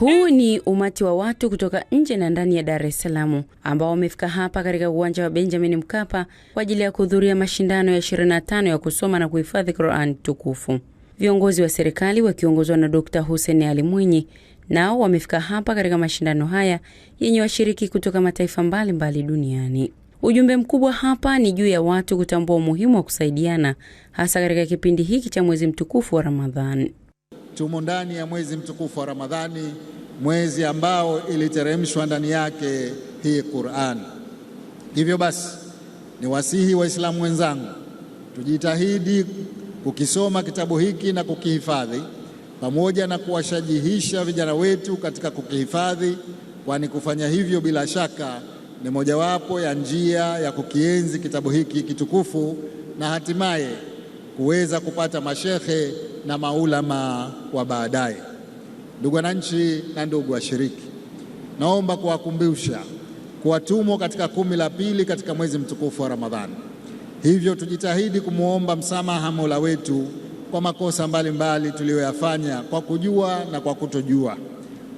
Huu ni umati wa watu kutoka nje na ndani ya Dar es Salaam ambao wamefika hapa katika uwanja wa Benjamin Mkapa kwa ajili ya kuhudhuria mashindano ya 25 ya kusoma na kuhifadhi Qur'an tukufu. Viongozi wa serikali wakiongozwa na Dr. Hussein Ali Mwinyi nao wamefika hapa katika mashindano haya yenye washiriki kutoka mataifa mbalimbali mbali duniani. Ujumbe mkubwa hapa ni juu ya watu kutambua umuhimu wa kusaidiana hasa katika kipindi hiki cha mwezi mtukufu wa Ramadhani. Tumo ndani ya mwezi mtukufu wa Ramadhani, mwezi ambao iliteremshwa ndani yake hii Qur'an. Hivyo basi, ni wasihi Waislamu wenzangu, tujitahidi kukisoma kitabu hiki na kukihifadhi, pamoja na kuwashajihisha vijana wetu katika kukihifadhi, kwani kufanya hivyo bila shaka ni mojawapo ya njia ya kukienzi kitabu hiki kitukufu na hatimaye kuweza kupata mashehe na maulama wa baadaye. Ndugu wananchi na ndugu washiriki, naomba kuwakumbusha kuwa tumo katika kumi la pili katika mwezi mtukufu wa Ramadhani, hivyo tujitahidi kumwomba msamaha Mola wetu kwa makosa mbalimbali tuliyoyafanya kwa kujua na kwa kutojua.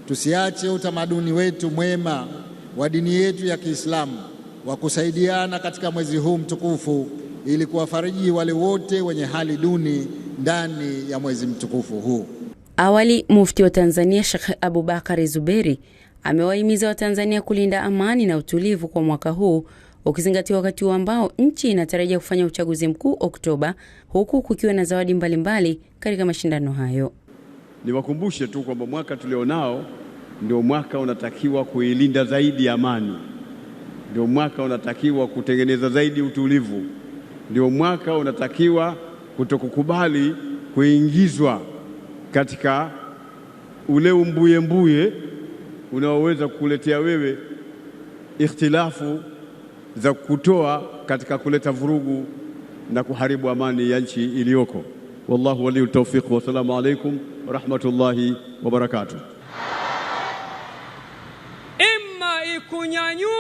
Tusiache utamaduni wetu mwema wa dini yetu ya Kiislamu wa kusaidiana katika mwezi huu mtukufu ili kuwafariji wale wote wenye hali duni ndani ya mwezi mtukufu huu. Awali Mufti wa Tanzania Sheikh Abubakari Zuberi amewahimiza Watanzania kulinda amani na utulivu kwa mwaka huu ukizingatia wakati huu ambao nchi inatarajia kufanya uchaguzi mkuu Oktoba, huku kukiwa na zawadi mbalimbali katika mashindano hayo. Niwakumbushe tu kwamba mwaka tulionao ndio mwaka unatakiwa kuilinda zaidi amani, ndio mwaka unatakiwa kutengeneza zaidi utulivu, ndio mwaka unatakiwa kutokukubali kuingizwa katika ule mbuye unaoweza kukuletea wewe ikhtilafu za kutoa katika kuleta vurugu na kuharibu amani ya nchi iliyoko. Wallahu waliyu tawfiq. Wassalamu alaikum warahmatullahi wabarakatuh. Imma ikunyanyue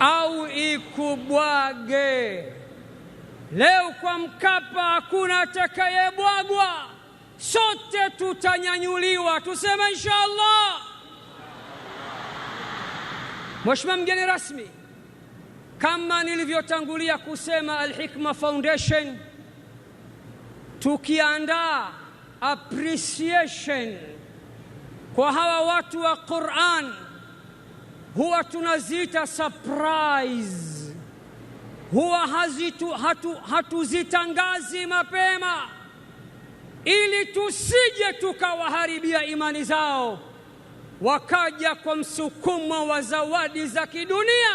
au ikubwage. Leo kwa Mkapa hakuna atakayebwagwa, sote tutanyanyuliwa. Tuseme insha Allah. Mheshimiwa mgeni rasmi, kama nilivyotangulia kusema, Al-Hikma Foundation tukiandaa appreciation kwa hawa watu wa Qur'an, huwa tunaziita surprise huwa hatuzitangazi hatu, hatu mapema ili tusije tukawaharibia imani zao, wakaja kwa msukumo wa zawadi za kidunia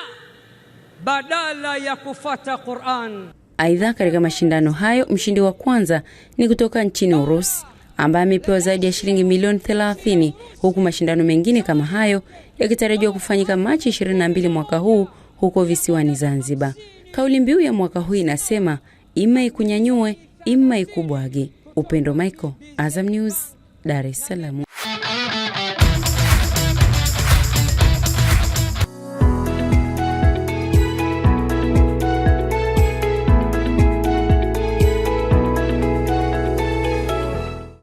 badala ya kufata Qur'an. Aidha, katika mashindano hayo mshindi wa kwanza ni kutoka nchini Urusi ambaye amepewa zaidi ya shilingi milioni 30 huku mashindano mengine kama hayo yakitarajiwa kufanyika Machi 22 mwaka huu huko visiwani Zanzibar. Kauli mbiu ya mwaka huu inasema ima ikunyanyue, ima ikubwage. Upendo Michael, Azam News, Dar es Salaam.